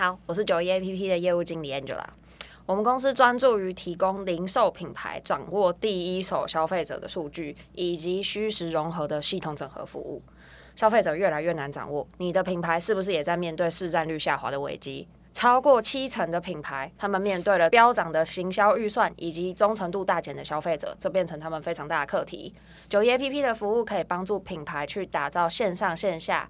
好，我是 91APP 的業務經理 Angela。我們公司專注於提供零售品牌掌握第一手消費者的數據，以及虛實融合的系統整合服務。消費者越來越難掌握，你的品牌是不是也在面對市占率下滑的危機？超過七成的品牌，他們面對了飆漲的行銷預算，以及忠誠度大減的消費者，這變成他們非常大的課題。91APP 的服務可以幫助品牌去打造線上線下。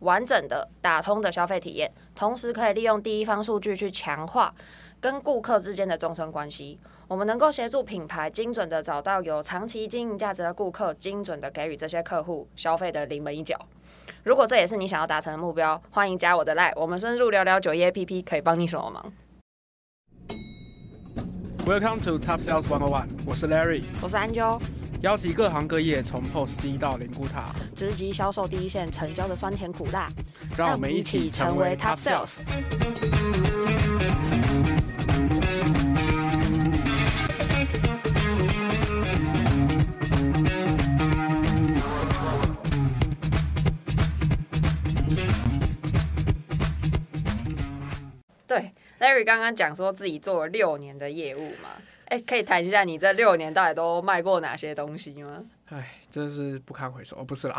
完整的打通的消費體驗，同時可以利用第一方數據去強化跟顧客之間的終身關係。我們能夠協助品牌精準的找到有長期經營價值的顧客，精準的給予這些客戶消費的臨門一腳。如果這也是你想要達成的目標，歡迎加我的賴，我們深入聊聊91 APP 可以幫你什麼忙。Welcome to Top Sales 101，我是 Larry，我是安啾。邀集各行各業，從 POS 機到靈骨塔，直擊銷售第一線，成交的酸甜苦辣，讓我們一起成為 Top Sales。對，Larry 剛剛講說自己做了六年的業務嘛。可以談一下你這六年到底都賣過哪些東西嗎？哎，真的是不堪回首。哦，不是啦，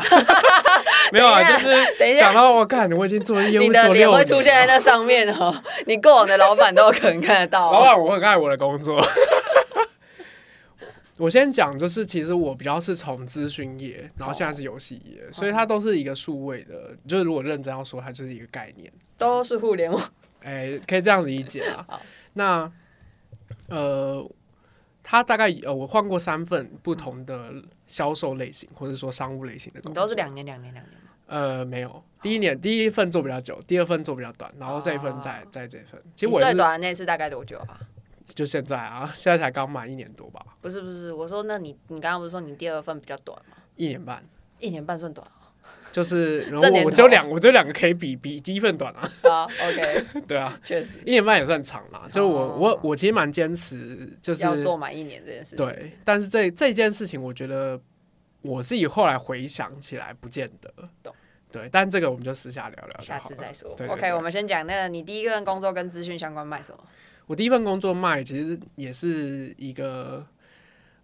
沒有啊，就是等一下，我我看，我已經做業務做六年了，你的臉會出現在那上面哦。你過往的老板都有可能看得到。老板，我很愛我的工作。我先講，就是其實我比較是從諮詢業，然後現在是遊戲業，所以它都是一個數位的。就是如果認真要說，它就是一個概念，都是互聯網。哎，可以這樣理解啊。好，那呃。他大概呃，我換過三份不同的銷售類型，或者說商務類型的工作。你都是兩年、兩年、兩年嗎？呃，沒有，第一年、哦、第一份做比較久，第二份做比較短，然後這一份再再、哦、這一份。其實我最短的那次大概多久啊？就現在啊，現在才剛滿一年多吧。不是不是，我說那你你剛剛不是說你第二份比較短嗎？一年半。一年半算短。就是，然後我就兩，啊、我只有兩個可以比比第一份短啊。啊，OK， 對啊，確實，一年半也算長了。就我、哦、我我其實蠻堅持，就是要做滿一年這件事情。對，但是這這件事情，我覺得我自己後來回想起來，不見得。懂，對，但這個我們就私下聊聊，下次再說。對對對 OK，我們先講那個你第一份工作跟資訊相關賣什麼？我第一份工作賣其實也是一個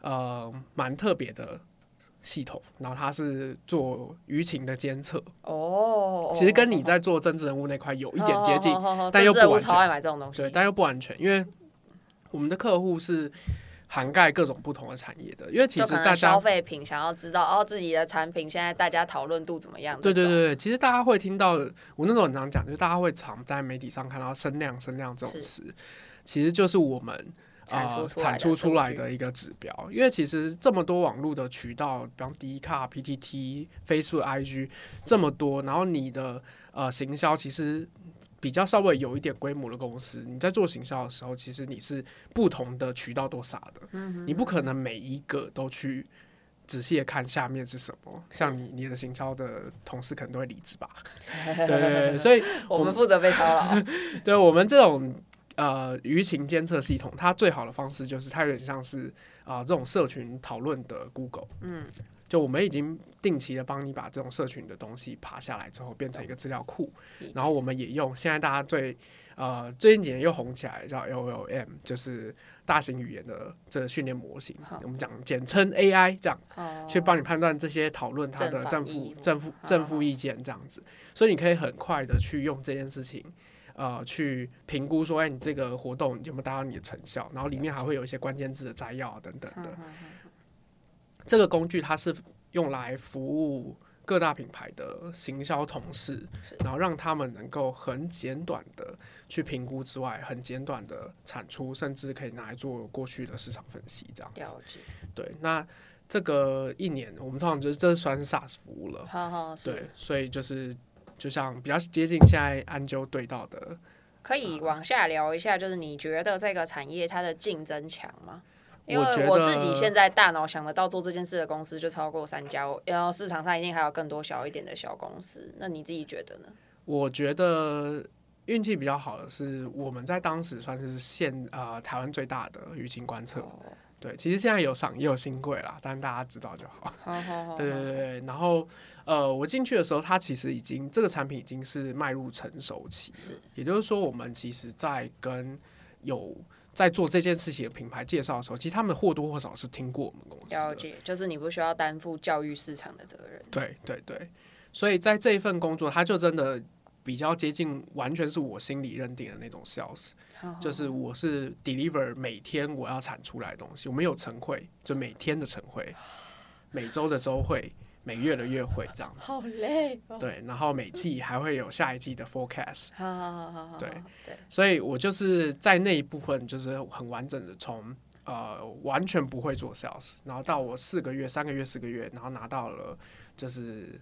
呃蠻特別的。系統，然後它是做輿情的監測哦，oh, oh, oh, oh. 其實跟你在做政治人物那塊有一點接近，oh, oh, oh, oh, oh, 但又不完全。超愛買這種東西，對，但又不完全，因為我們的客戶是涵蓋各種不同的產業的。因為其實大家消費品想要知道哦自己的產品現在大家討論度怎麼樣？對對對，其實大家會聽到我那時候很常講，就是大家會常在媒體上看到“聲量”“聲量”這種詞，是其實就是我們。啊、呃，產出出來的一個指標，因為其實這麼多網絡的渠道，比方 D 卡、PTT、Facebook、IG 這麼多，然後你的呃行銷其實比較稍微有一點規模的公司，你在做行銷的時候，其實你是不同的渠道都傻的，嗯、哼你不可能每一個都去仔細的看下面是什麼。像你你的行銷的同事可能都會離職吧？ 對,對對，所以我們負責被騷擾。 對，我們這種。呃，輿情監測系統，它最好的方式就是它有點像是啊、呃，這種社群討論的 Google，嗯，就我們已經定期的幫你把這種社群的東西爬下來之後，變成一個資料庫，嗯、然後我們也用現在大家最呃最近幾年又紅起來叫 LLM，就是大型語言的這個訓練模型，的我們講簡稱 AI 這樣，的去幫你判斷這些討論它的正負正負正負正負意見這樣子，的所以你可以很快的去用這件事情。呃，去評估說，哎、欸，你這個活動有沒有達到你的成效？然後裡面還會有一些關鍵字的摘要等等的。嗯嗯嗯嗯、這個工具它是用來服務各大品牌的行銷同事，是然後讓他們能夠很簡短的去評估之外，很簡短的產出，甚至可以拿來做過去的市場分析這樣子。子、嗯嗯、對，那這個一年，我們通常就是這算是 SaaS 服務了。好好對，所以就是。就像比較接近現在安啾對到的，可以往下聊一下，就是你覺得這個產業它的競爭強嗎？因為我自己現在大腦想得到做這件事的公司就超過三家，然後市場上一定還有更多小一點的小公司。那你自己覺得呢？我覺得運氣比較好的是我們在當時算是現呃台灣最大的輿情觀測。的對，其實現在有上也有新貴啦，但大家知道就好。好好好，對對對，然後。呃，我進去的時候，它其實已經這個產品已經是邁入成熟期了是，也就是說，我們其實，在跟有在做這件事情的品牌介紹的時候，其實他們或多或少是聽過我們公司的。了解，就是你不需要擔負教育市場的責任。對對對，所以在這一份工作，它就真的比較接近，完全是我心裡認定的那種 sales、哦哦、就是我是 deliver 每天我要產出來的東西。我們有晨會，就每天的晨會，每周的周會。每月的月會這樣子，好累。對，然後每季還會有下一季的 forecast。對。所以，我就是在那一部分，就是很完整的從呃完全不會做 sales，然後到我四個月、三個月、四個月，然後拿到了就是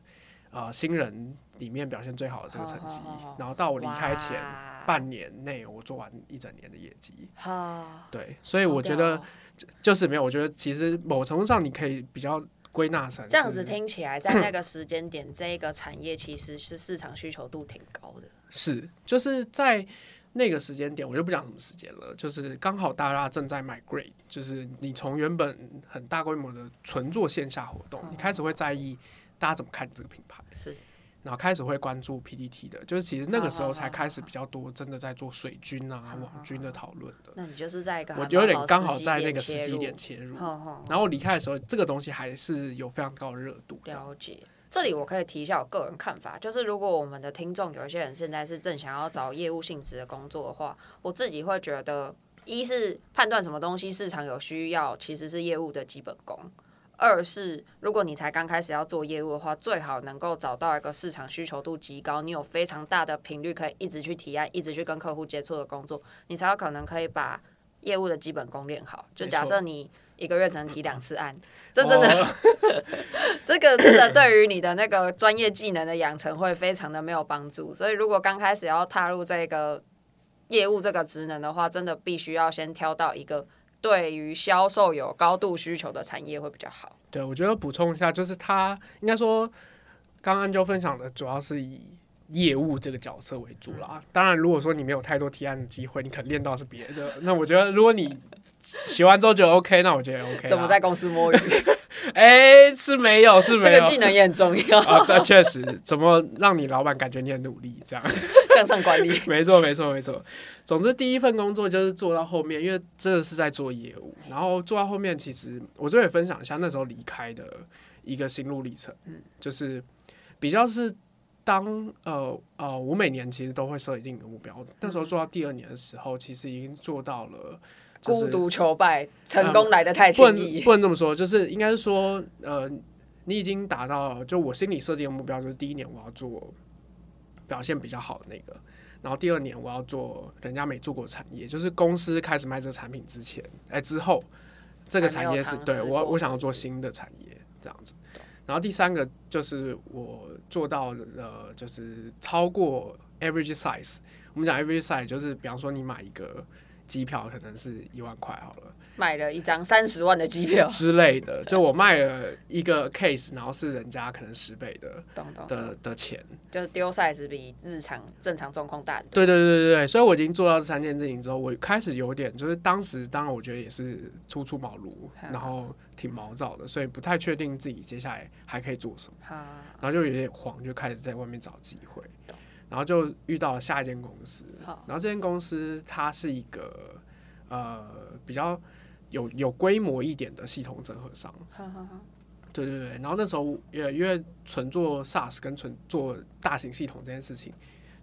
呃新人裡面表現最好的這個成績。然後到我離開前半年內，我做完一整年的業績。對，所以我覺得就就是沒有，我覺得其實某程度上你可以比較。歸納成這樣子聽起來，在那個時間點， 這個產業其實是市場需求度挺高的？是，就是在那個時間點，我就不講什麼時間了。就是剛好大家正在 migrate，就是你從原本很大規模的純做線下活動，嗯、你開始會在意大家怎麼看這個品牌。然後開始會關注 PPT 的，就是其實那個時候才開始比較多，真的在做水軍啊、好好好網軍的討論的。那你就是在一個我有點剛好在那個時機點切入，好好好然後離開的時候，這個東西還是有非常高的熱度的。了解，這裡我可以提一下我個人看法，就是如果我們的聽眾有一些人現在是正想要找業務性質的工作的話，我自己會覺得，一是判斷什麼東西市場有需要，其實是業務的基本功。二是，如果你才剛開始要做業務的話，最好能夠找到一個市場需求度極高、你有非常大的頻率可以一直去提案、一直去跟客戶接觸的工作，你才有可能可以把業務的基本功練好。就假設你一個月只能提兩次案，沒錯。這真的，哦、 這個真的對於你的那個專業技能的養成會非常的沒有幫助。所以，如果剛開始要踏入這個業務這個職能的話，真的必須要先挑到一個。對於銷售有高度需求的產業會比較好。對，我覺得補充一下，就是他應該說剛剛就分享的主要是以業務這個角色為主啦。嗯、當然，如果說你沒有太多提案的機會，你可能練到是別的。那我覺得如果你學完之後就 OK， 那我覺得 OK。怎麼在公司摸魚？ 哎，是沒有，是沒有。這個技能也很重要啊，這確實，怎麼讓你老板感覺你很努力，這樣 向上管理。沒錯，沒錯，沒錯。總之，第一份工作就是做到後面，因為真的是在做業務。然後做到後面，其實我這邊分享一下那時候離開的一個心路歷程。嗯，就是比較是當呃呃，我每年其實都會設一定的目標的。那時候做到第二年的時候，其實已經做到了。孤獨求敗，成功來得太輕易、嗯、不能不能這麼說，就是應該是說，呃，你已經達到就我心裡設定的目標，就是第一年我要做表現比較好的那個，然後第二年我要做人家沒做過產業，就是公司開始賣這個產品之前，哎、欸，之後這個產業是對我我想要做新的產業這樣子。然後第三個就是我做到了，就是超過 average size。我們講 average size，就是比方說你買一個。機票可能是一萬塊，好了，買了一張三十萬的機票之類的，對 就我賣了一個 case，然後是人家可能十倍的，懂懂懂的的錢，就是丟 size 比日常正常狀況大的。對對對對對，所以我已經做到這三件事情之後，我開始有點就是當時當然我覺得也是初出茅廬，哈 然後挺毛躁的，所以不太確定自己接下來還可以做什麼，哈 然後就有點慌，就開始在外面找機會。然後就遇到了下一間公司，好然後這間公司它是一個呃比較有有規模一點的系統整合商，好好好，對對對。然後那時候也因為純做 SaaS 跟純做大型系統這件事情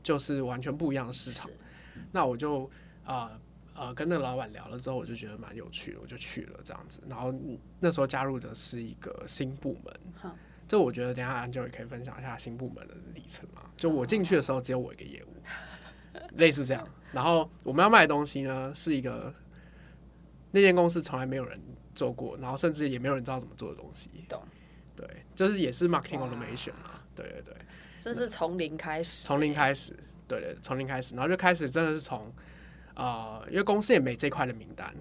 就是完全不一樣的市場，是那我就啊啊、呃呃、跟那個老闆聊了之後，我就覺得蠻有趣的，我就去了這樣子。然後那時候加入的是一個新部門。就我覺得，等下安啾也可以分享一下新部門的歷程嘛。就我進去的時候，只有我一個業務，類似這樣。然後我們要賣的東西呢，是一個那間公司從來沒有人做過，然後甚至也沒有人知道怎麼做的東西。對，就是也是 marketing automation 啊。對對對，這是從零開始，從零開始。對對，從零開始，然後就開始真的是從啊，因為公司也沒這塊的名單。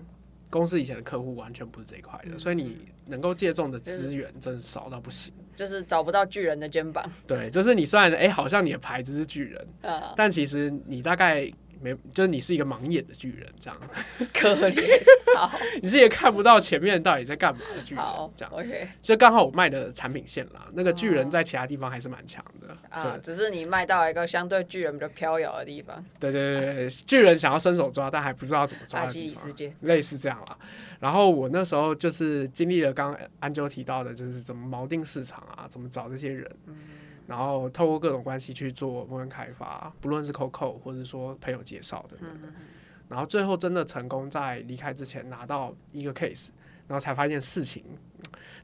公司以前的客戶完全不是這一塊的，所以你能夠借重的資源真的少到不行。就是，就是找不到巨人的肩膀。對，就是你雖然哎，欸，好像你的牌子是巨人，嗯。但其實你大概。沒，就是你是一個盲眼的巨人，這樣 可憐。 你自己也看不到前面到底在幹嘛的巨人，這樣。OK，就剛好我賣的產品線啦，那個巨人在其他地方還是蠻強的。哦、對啊，只是你賣到一個相對巨人比較飄搖的地方。對對對對， 巨人想要伸手抓，但還不知道怎麼抓的地方，啊、世界類似這樣啦。然後我那時候就是經歷了剛安啾提到的，就是怎麼錨定市場啊，怎麼找這些人。嗯然後透過各種關係去做商務開發，不論是 cold call 或者說朋友介紹的，嗯嗯嗯，然後最後真的成功在離開之前拿到一個 case，然後才發現事情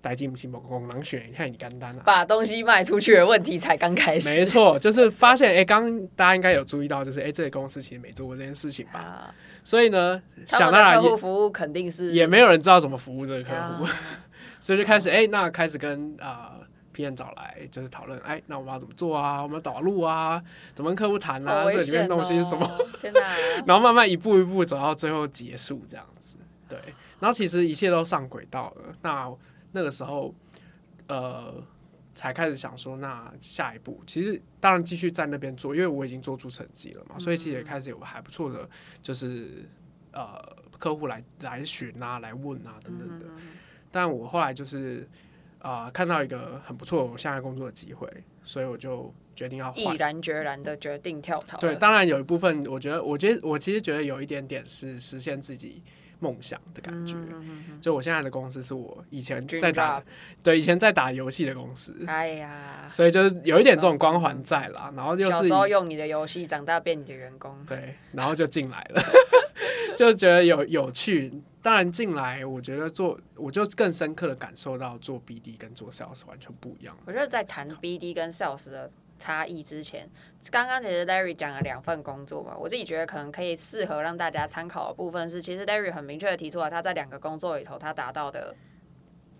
打擊不起，猛猛狼選看你乾單了，把東西賣出去的問題才剛開始。沒錯，就是發現哎，剛，剛大家應該有注意到，就是哎，這個公司其實沒做過這件事情吧？啊、所以呢，想當然客戶服務肯定是也沒有人知道怎麼服務這個客戶，啊、呵呵，所以就開始哎、嗯，那開始跟啊。呃先找來就是討論，哎，那我們要怎麼做啊？我們要導入啊？怎麼跟客戶談啊？哦、這裡面東西是什麼？哪 然後慢慢一步一步走到最後結束，這樣子。對。然後其實一切都上軌道了。那那個時候，呃，才開始想說，那下一步其實當然繼續在那邊做，因為我已經做出成績了嘛，嗯、哼所以其實也開始有還不錯的，就是呃，客戶來來詢啊，來問啊等等的。嗯、哼但我後來就是。啊、呃，看到一個很不錯我現在工作的機會，所以我就決定要毅然決然的決定跳槽。對，當然有一部分，我覺得，我覺得我其實覺得有一點點是實現自己夢想的感覺。嗯、哼哼哼，就我現在的公司是我以前在打，ing 對，以前在打遊戲的公司。哎呀，所以就是有一點這種光環在啦。然後就是小時候用你的遊戲，長大變你的員工。對，然後就進來了， 就覺得有有趣。當然，進來我覺得做，我就更深刻的感受到做 BD 跟做 Sales 完全不一樣。我覺得在談 BD 跟 Sales 的差異之前，剛剛其實 Larry 講了兩份工作嘛，我自己覺得可能可以適合讓大家參考的部分是，其實 Larry 很明確的提出了他在兩個工作裡頭他達到的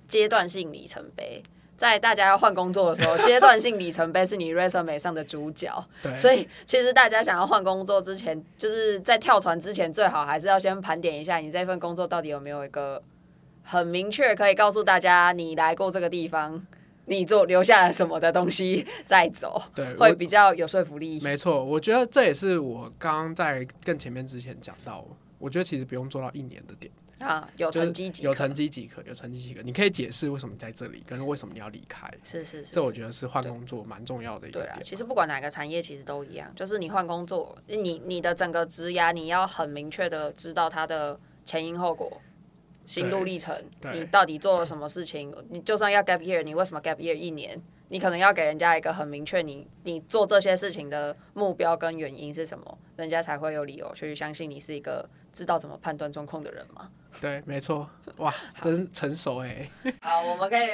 階段性里程碑。在大家要換工作的時候，階段性里程碑是你 resume 上的主角。 對。所以其實大家想要換工作之前，就是在跳船之前，最好還是要先盤點一下你這份工作到底有沒有一個很明確可以告訴大家你來過這個地方，你做留下了什麼的東西再走，對，會比較有說服力。沒錯，我覺得這也是我剛在更前面之前講到，我覺得其實不用做到一年的點。啊，有成績，有成績即可，有成績即可。你可以解釋為什麼你在這裡，跟為什麼你要離開？是是是，是是是這我覺得是換工作對蠻重要的一點。對啊，其實不管哪個產業，其實都一樣，就是你換工作，你你的整個職涯，你要很明確的知道它的前因後果、心路歷程，對對你到底做了什麼事情。對你就算要 gap year，你為什麼 gap year 一年？你可能要給人家一個很明確，你你做這些事情的目標跟原因是什麼？人家才會有理由去相信你是一個知道怎麼判斷狀況的人嘛。對，沒錯，哇， 真成熟誒、欸。好，我們可以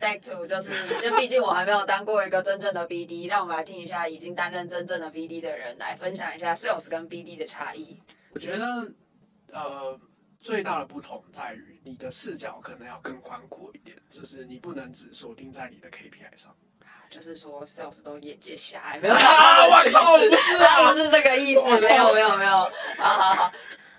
back to 就是，就畢竟我還沒有當過一個真正的 BD，讓我們來聽一下已經擔任真正的 BD 的人來分享一下 sales 跟 BD 的差異。我覺得，呃。最大的不同在於，你的視角可能要更寬闊一點，就是你不能只鎖定在你的 KPI 上、啊。就是說，sales 都眼界狹隘沒有？啊、是我靠，不是、啊，啊、不是這個意思，靠沒有，沒有，沒有靠。好好好，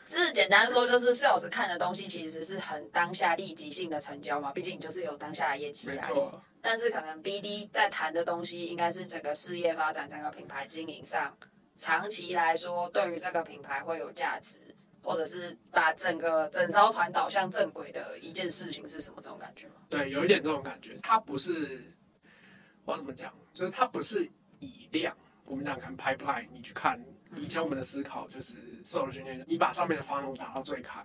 就 是簡單說，就是 sales 看的東西其實是很當下、立即性的成交嘛，畢竟你就是有當下的業績壓力。啊、但是可能 BD 在談的東西，應該是整個事業發展、整個品牌經營上，長期來說對於這個品牌會有價值。或者是把整個整艘船導向正軌的一件事情是什麼？這種感覺嗎？對，有一點這種感覺。它不是，我要怎麼講，就是它不是以量。我們講看 pipeline，你去看以前我們的思考、嗯、就是銷售訓練，你把上面的 funnel 打到最開，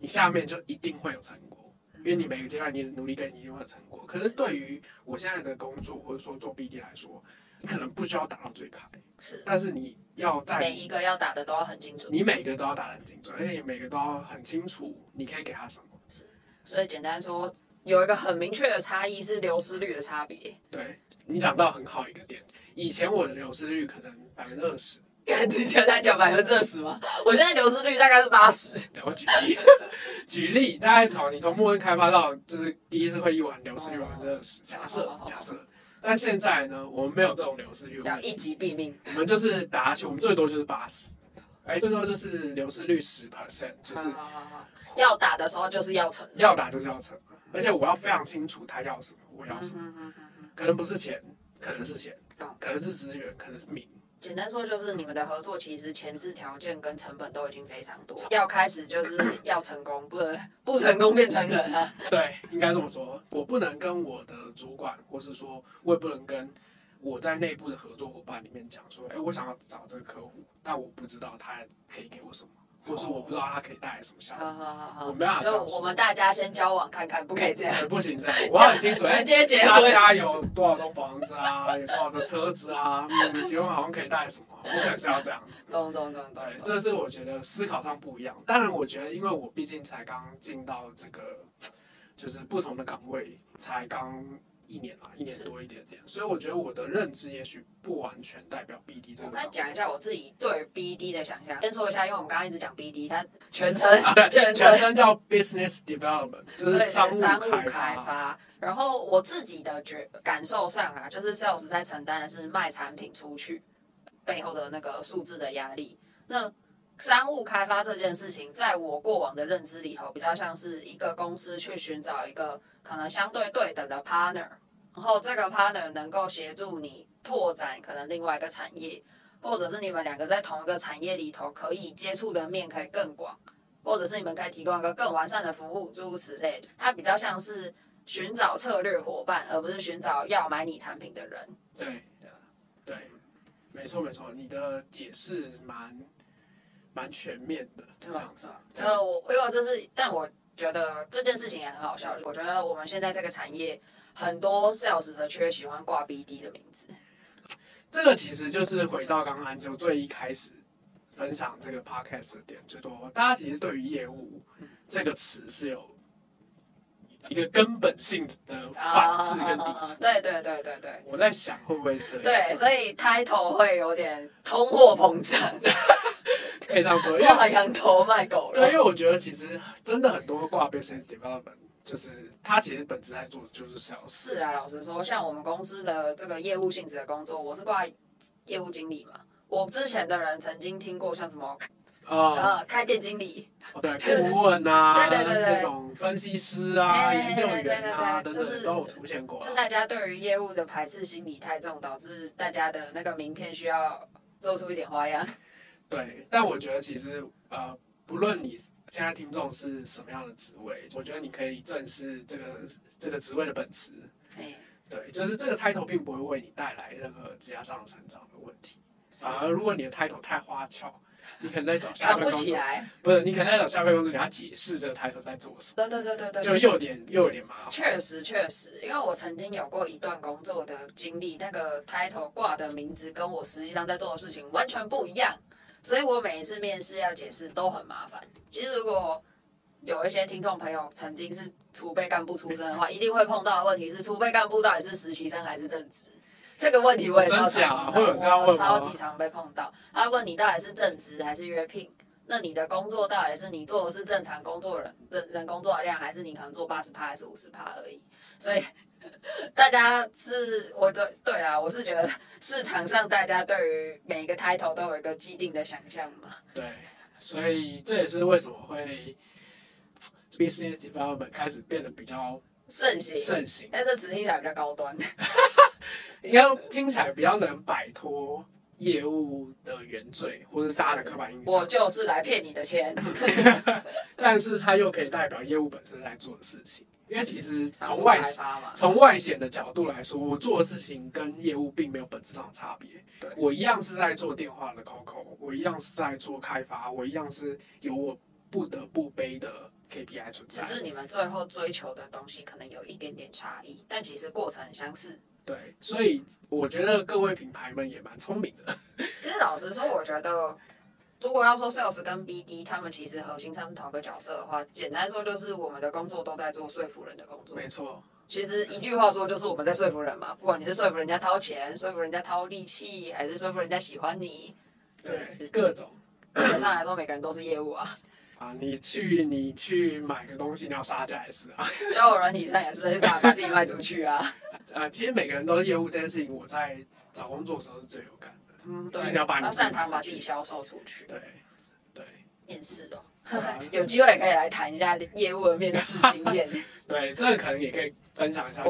你下面就一定會有成果，因為你每個階段你的努力跟你一定會有成果。可是對於我現在的工作或者說做 BD 來說，你可能不需要打到最開，是，但是你要在每一個要打的都要很清楚，你每個都要打得很精準，而且每個都要很清楚。你可以給他什麼？是，所以簡單說，有一個很明確的差異是流失率的差別。對，你講到很好一個點。以前我的流失率可能20百分之二十，你就在講百分之二十嗎？我現在流失率大概是八十。了解。我舉例，大概從你從默認開發到就是第一次會議完，oh、流失率百分之二十，假設假設。但現在呢，我們沒有這種流失率，要一擊斃命。我們就是打下去，我們最多就是八十，哎，最多就是流失率十 percent，就是要打的時候就是要成，要打就是要成，而且我要非常清楚他要什麼，我要什麼，可能不是錢，可能是錢，可能是資源，可能是命。簡單說就是，你們的合作其實前置條件跟成本都已經非常多，要開始就是要成功，不能不成功便成仁啊。 對，應該這麼說，我不能跟我的主管，或是說我也不能跟我在內部的合作夥伴裡面講說，哎，我想要找這個客戶，但我不知道他可以給我什麼。或是我不知道他可以帶來什麼效果，好好好好，我沒有就我們大家先交往看看，不可以這樣，不行這樣，我很清楚。直接結婚，他家有多少棟房子啊，有多少個車子啊？你結婚好像可以帶來什麼？不可能是要這樣子。咚咚咚，對，這是我覺得思考上不一樣。當然，我覺得因為我畢竟才剛進到這個，就是不同的崗位，才剛。一年啦，一年多一點點，是所以我覺得我的認知也許不完全代表 BD 這個。我再講一下我自己對 BD 的想象，先說一下，因為我們剛剛一直講 BD，它全稱全全稱叫 Business Development，就是商務是商務開發。然後我自己的覺感受上啊，就是 sales 在承擔的是賣產品出去背後的那個數字的壓力。那商務開發這件事情，在我過往的認知裡頭，比較像是一個公司去尋找一個可能相對對等的 partner，然後這個 partner 能夠協助你拓展可能另外一個產業，或者是你們兩個在同一個產業裡頭可以接觸的面可以更廣，或者是你們可以提供一個更完善的服務，諸如此類。它比較像是尋找策略夥伴，而不是尋找要買你產品的人。對，對，對，沒錯沒錯，你的解釋蠻蠻全面的，這樣子，是啊。我因為這是，但我覺得這件事情也很好笑。我覺得我們現在這個產業，很多 sales 的確喜歡掛 BD 的名字。這個其實就是回到剛剛就最一開始分享這個 podcast 的點，就是說大家其實對於業務、嗯、這個詞是有一個根本性的反制跟抵制、啊啊啊。對對對對對。我在想會不會是？對，所以 title 會有點通貨膨脹。我 可以這樣說，掛 羊頭賣狗肉。對，因為我覺得其實真的很多掛 Business Development，就是他其實本質在做的就是銷售。是啊，老實說，像我們公司的這個業務性質的工作，我是掛業務經理嘛。我之前的人曾經聽過像什麼、哦、呃開店經理，哦對，顧問啊， 對對對對，這種分析師啊、欸、研究員啊對對對對等等、就是、都有出現過、啊。就是大家對於業務的排斥心理太重，導致大家的那個名片需要做出一點花樣。對，但我覺得其實呃，不論你現在聽眾是什麼樣的職位，我覺得你可以正視這個這個職位的本質。對、欸，對，就是這個 title 並不會為你帶來任何職業上的成長的問題。反而是、呃，如果你的 title 太花俏，你可能在找下一份工作。看不起來。不是，你可能在找下一份工作，你要解釋這個 title 在做什麼。對對對對對。就又有點又有點麻煩。確實確實，因為我曾經有過一段工作的經歷，那個 title 掛的名字跟我實際上在做的事情完全不一樣。所以我每一次面試要解釋都很麻煩。其實如果有一些聽眾朋友曾經是儲備幹部出身的話，一定會碰到的問題是：儲備幹部到底是實習生還是正職？這個問題我也超常，我超級常被碰到。他問你到底是正職還是約聘，那你的工作到底是你做的是正常工作人，人工作量，還是你可能做八十趴還是五十趴而已。所以。大家是，我對對啊，我是覺得市場上大家對於每一個 title 都有一個既定的想象嘛。對，所以這也是為什麼會 business development 開始變得比較盛行，盛行，但這詞聽起來比較高端，應該 聽起來比較能擺脫業務的原罪，或是大家的刻板印象。我就是來騙你的錢， 但是它又可以代表業務本身在做的事情。因為其實從外從外顯的角度來說，我做的事情跟業務並沒有本質上的差別。對對我一樣是在做電話的 call call，我一樣是在做開發，我一樣是有我不得不背的 KPI 存在。只是你們最後追求的東西可能有一點點差異，但其實過程很相似。對，所以我覺得各位品牌們也蠻聰明的。其實老實說，我覺得。如果要說 sales 跟 BD，他們其實核心上是同一個角色的話，簡單說就是我們的工作都在做說服人的工作。沒錯錯，其實一句話說就是我們在說服人嘛，不管你是說服人家掏錢，說服人家掏力氣，還是說服人家喜歡你，對，就是、各種。基本上來說，每個人都是業務啊。啊、呃，你去你去買個東西，你要殺價還是啊？交友軟體上也是把把自己賣出去啊。啊、 呃，其實每個人都是業務這件事情，我在找工作的時候是最有感。對，要擅長把自己銷售出去。對，對，面試哦，有機會也可以來談一下業務的面試經驗。對，這個可能也可以分享一下。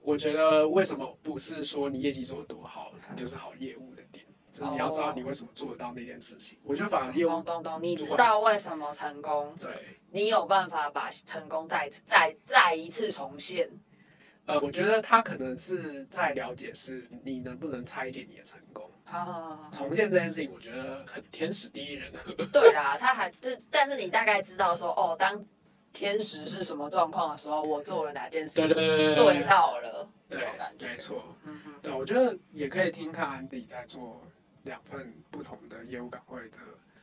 我覺得為什麼不是說你業績做的多好就是好業務的點，就是你要知道你為什麼做得到那件事情。我覺得反而因為東東，你知道為什麼成功？對，你有辦法把成功再再再一次重現？呃，我覺得他可能是在了解是你能不能拆解你的成功。啊，重現這件事情我覺得很天使第一人。對啦，他還是但是你大概知道說哦，當天使是什麼狀況的時候，我做了哪件事情，對到了。對，沒錯，嗯哼，對，我覺得也可以聽看安啾在做兩份不同的業務崗位的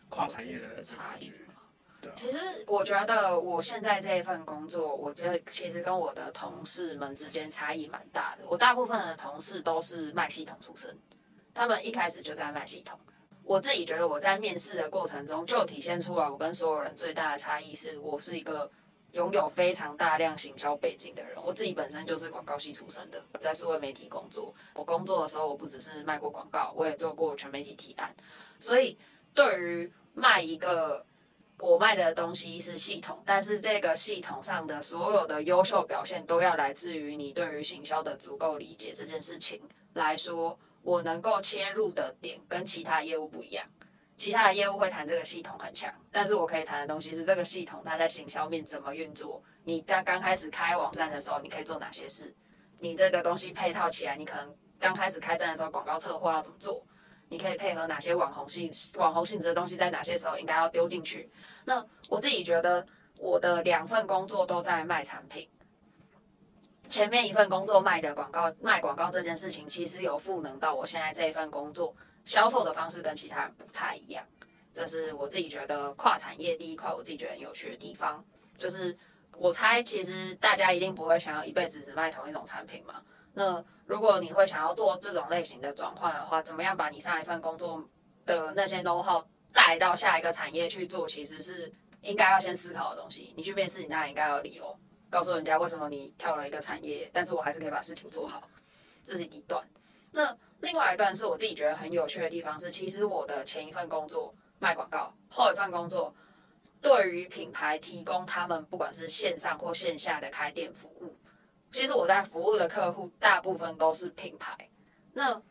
跨產業的差距。對，其實我覺得我現在這一份工作，我覺得其實跟我的同事們之間差異蠻大的。我大部分的同事都是賣系統出身，他們一開始就在賣系統。我自己覺得，我在面試的過程中就體現出來，我跟所有人最大的差異是我是一個擁有非常大量行銷背景的人。我自己本身就是廣告系出身的，在數位媒體工作。我工作的時候，我不只是賣過廣告，我也做過全媒體提案。所以，對於賣一個我賣的東西是系統，但是這個系統上的所有的優秀表現都要來自於你對於行銷的足夠理解這件事情來說。我能夠切入的點跟其他業務不一樣，其他的業務會談這個系統很強，但是我可以談的東西是這個系統它在行銷面怎麼運作。你剛剛開始開網站的時候，你可以做哪些事？你這個東西配套起來，你可能剛開始開站的時候，廣告策劃要怎麼做？你可以配合哪些網紅性網紅性質的東西，在哪些時候應該要丟進去。那我自己覺得，我的兩份工作都在賣產品。前面一份工作賣的廣告，賣廣告這件事情，其實有賦能到我現在這一份工作銷售的方式跟其他人不太一樣，這是我自己覺得跨產業第一塊我自己覺得很有趣的地方。就是我猜，其實大家一定不會想要一輩子只賣同一種產品嘛。那如果你會想要做這種類型的轉換的話，怎麼樣把你上一份工作的那些 know how 帶到下一個產業去做，其實是應該要先思考的東西。你去面試，你當然應該要理由。告訴人家為什麼你跳了一個產業，但是我還是可以把事情做好，這是一段。那另外一段是我自己覺得很有趣的地方是，其實我的前一份工作賣廣告，後一份工作對於品牌提供他們不管是線上或線下的開店服務。其實我在服務的客戶大部分都是品牌。那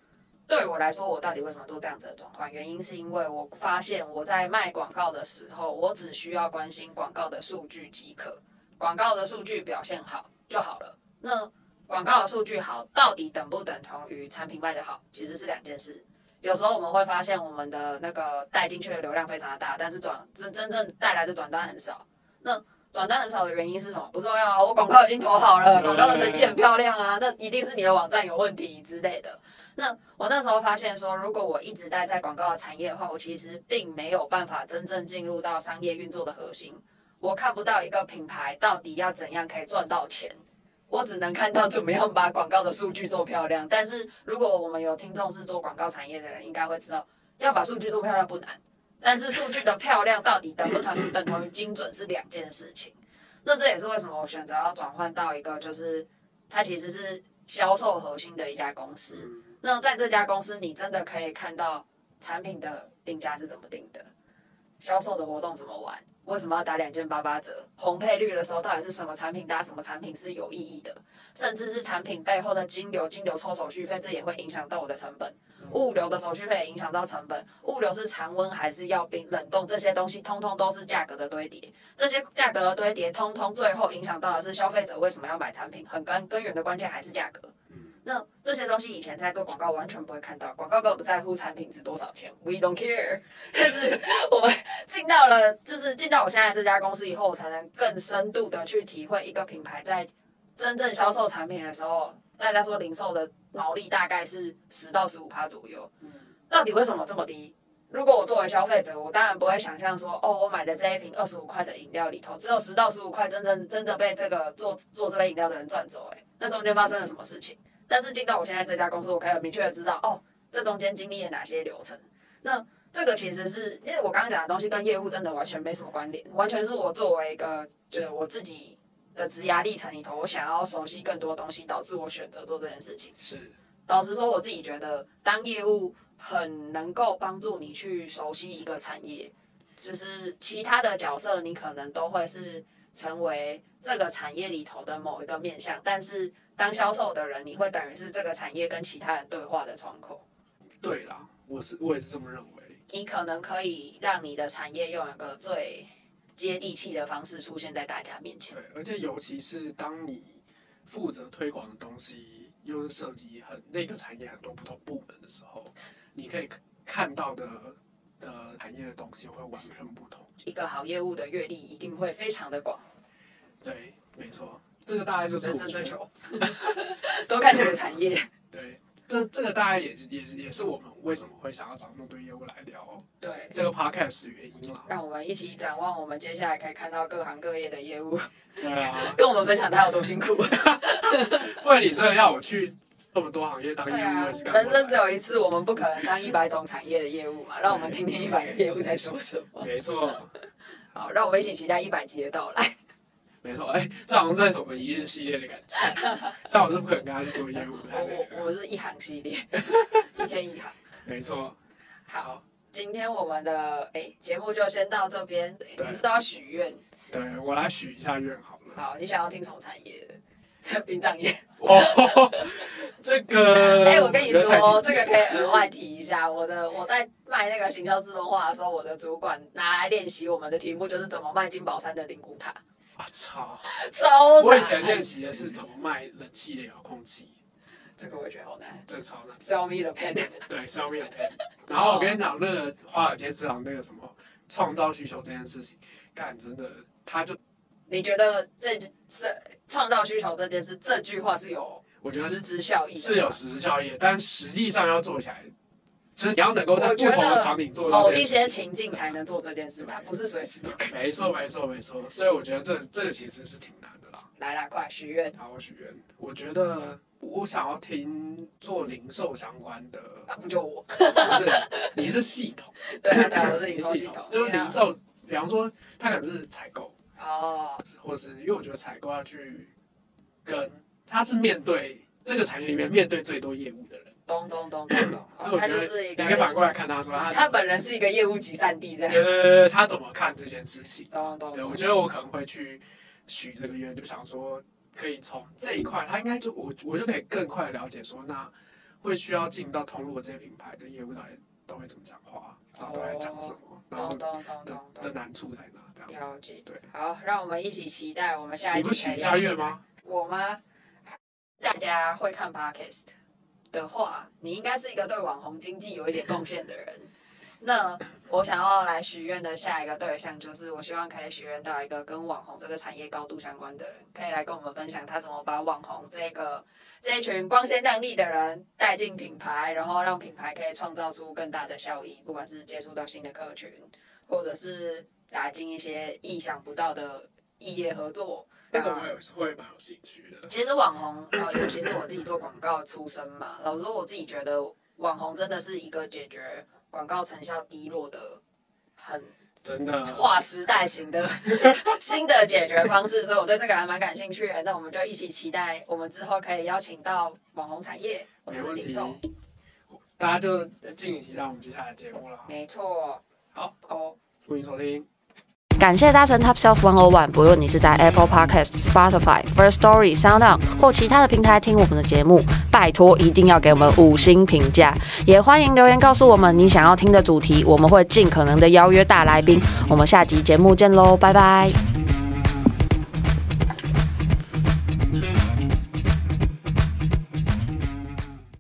對我來說，我到底為什麼做這樣子的轉換？原因是因為我發現我在賣廣告的時候，我只需要關心廣告的數據即可。廣告的數據表現好就好了。那廣告的數據好，到底等不等同於產品賣得好？其實是兩件事。有時候我們會發現，我們的那個帶進去的流量非常的大，但是轉真真正帶來的轉單很少。那轉單很少的原因是什麼？不重要啊，我廣告已經投好了，廣告的成績很漂亮啊，那一定是你的網站有問題之類的。那我那時候發現說，如果我一直待在廣告的產業的話，我其實並沒有辦法真正進入到商業運作的核心。我看不到一個品牌到底要怎樣可以賺到錢，我只能看到怎麼樣把廣告的數據做漂亮。但是如果我們有聽眾是做廣告產業的人，應該會知道要把數據做漂亮不難，但是數據的漂亮到底等不等等同於精準是兩件事情。那這也是為什麼我選擇要轉換到一個就是它其實是銷售核心的一家公司。那在這家公司，你真的可以看到產品的定價是怎麼定的。銷售的活動怎麼玩？為什麼要打兩件八八折？紅配綠的時候，到底是什麼產品搭什麼產品是有意義的？甚至是產品背後的金流、金流抽手續費，這也會影響到我的成本。物流的手續費影響到成本。物流是常溫還是要冰、冷凍？這些東西通通都是價格的堆疊。這些價格的堆疊，通通最後影響到的是消費者為什麼要買產品？很根根源的關鍵還是價格。那這些東西以前在做廣告完全不會看到，廣告更不在乎產品值多少錢，We don't care。 但是我們進到了，就是進到我現在這家公司以後，我才能更深度的去體會一個品牌在真正銷售產品的時候，大家說零售的毛利大概是十到十五趴左右。嗯、到底為什麼這麼低？如果我作為消費者，我當然不會想象說，哦，我買的這一瓶二十五塊的飲料裡頭，只有十到十五塊真正真的被這個做做這杯飲料的人賺走，欸，哎，那中間發生了什麼事情？但是進到我現在這家公司，我可以很明確的知道，哦，這中間經歷了哪些流程。那這個其實是因為我剛剛講的東西跟業務真的完全沒什麼關聯，完全是我作為一個就是我自己的職涯歷程裡頭，我想要熟悉更多東西，導致我選擇做這件事情。是，老實說，我自己覺得當業務很能夠幫助你去熟悉一個產業，就是其他的角色你可能都會是成為這個產業裡頭的某一個面向，但是。當銷售的人，你會等於是這個產業跟其他人對話的窗口。對啦，我是我也是這麼認為。你可能可以讓你的產業用一個最接地氣的方式出現在大家面前。對，而且尤其是當你負責推廣的東西又是涉及很那個產業很多不同部門的時候，你可以看到的的產業的東西會完全不同。是一個好業務的閱歷一定會非常的廣。這個大概就是人生追求， 多看這個產業。對，這這個大概也也也是我們為什麼會想要找那麼多業務來聊。對，這個 Podcast 原因了。讓我們一起展望，我們接下來可以看到各行各業的業務。啊、跟我們分享他有多辛苦。不然、啊、 你是要我去這麼多行業當業務、啊？人生只有一次，我們不可能當一百種產業的業務嘛。對讓我們聽聽一百個業務在說什麼。沒錯錯。 好，讓我們一起期待一百集的到來。沒錯，哎、欸，這好像在什麼一日系列的感覺， 但我是不可能跟他去做業務的。 我我是一行系列，一天一行。沒錯錯。好，今天我們的哎節、欸、目就先到這邊。每次對、欸、都要許願。對我來許一下願，好了。好，你想要聽什麼產業？這殯葬業。這個。哎、 欸，我跟你說，這個可以額外提一下。我的我在賣那個行銷自動化的時候，我的主管拿來練習我們的題目，就是怎麼賣金寶山的靈骨塔。我超、啊、超難。我以前練習的是怎麼賣冷氣的遙控器，嗯、這個我覺得好難，這個超難。Sell me the pen。對 ，sell me the pen。然後我跟你講那個華爾街之狼那個什麼創造需求這件事情，幹真的他就。你覺得這這是創造需求這件事，這句話是有？我覺得實質效益，是有實質效益的，但實際上要做起來。就是你要能夠在不同的場景做到一些情境才能做這件事，它不是隨時都可以。沒錯，沒錯，沒錯。所以我覺得這這個其實是挺難的啦。來來，快許願。好，我許願。我覺得我想要聽做零售相關的。啊不就我。不是，你是系統。對對對，我是零售系統。就是零售，比方說他可能是採購。哦。或是因為我覺得採購要去跟他是面對這個產業裡面面對最多業務的人。咚咚咚。我覺得你可以反過來看他說他他本人是一個業務集散地這樣。呃， 他怎麼看這件事情？嗯嗯嗯、對，我覺得我可能會去許這個願，就想說可以從這一塊，他應該就我我就可以更快了解說，那會需要進到通路的這些品牌的業務到底都會怎麼講話，然後都在講什麼，哦嗯嗯嗯嗯、然後都都都的難處在哪這樣子。了解。對，好，讓我們一起期待我們下一期。你不許下願嗎？我嗎？大家會看 podcast 的話，你應該是一個對網紅經濟有一點貢獻的人。 那我想要來許願的下一個對象，就是我希望可以許願到一個跟網紅這個產業高度相關的人，可以來跟我們分享他怎麼把網紅這個這一群光鮮亮麗的人帶進品牌，然後讓品牌可以創造出更大的效益，不管是接觸到新的客群，或者是打進一些意想不到的。異業合作，這個我也是會蠻有興趣的。其實網紅啊，尤 其是我自己做廣告出身嘛，老實說我自己覺得，網紅真的是一個解決廣告成效低落的很真的劃時代型的，真的 新的解決方式，所以我對這個還蠻感興趣。那我們就一起期待我們之後可以邀請到網紅產業或者零售，大家就敬請期待我們接下來的節目了。沒錯，好，歡迎收聽。感謝搭乘 Top Sales 101。不論你是在 Apple Podcast、Spotify、First Story、Sound On 或其他的平台聽我們的節目，拜托一定要給我們五星評價，也歡迎留言告訴我們你想要聽的主題，我們會盡可能的邀約大來賓。我們下集節目見嘍，拜拜。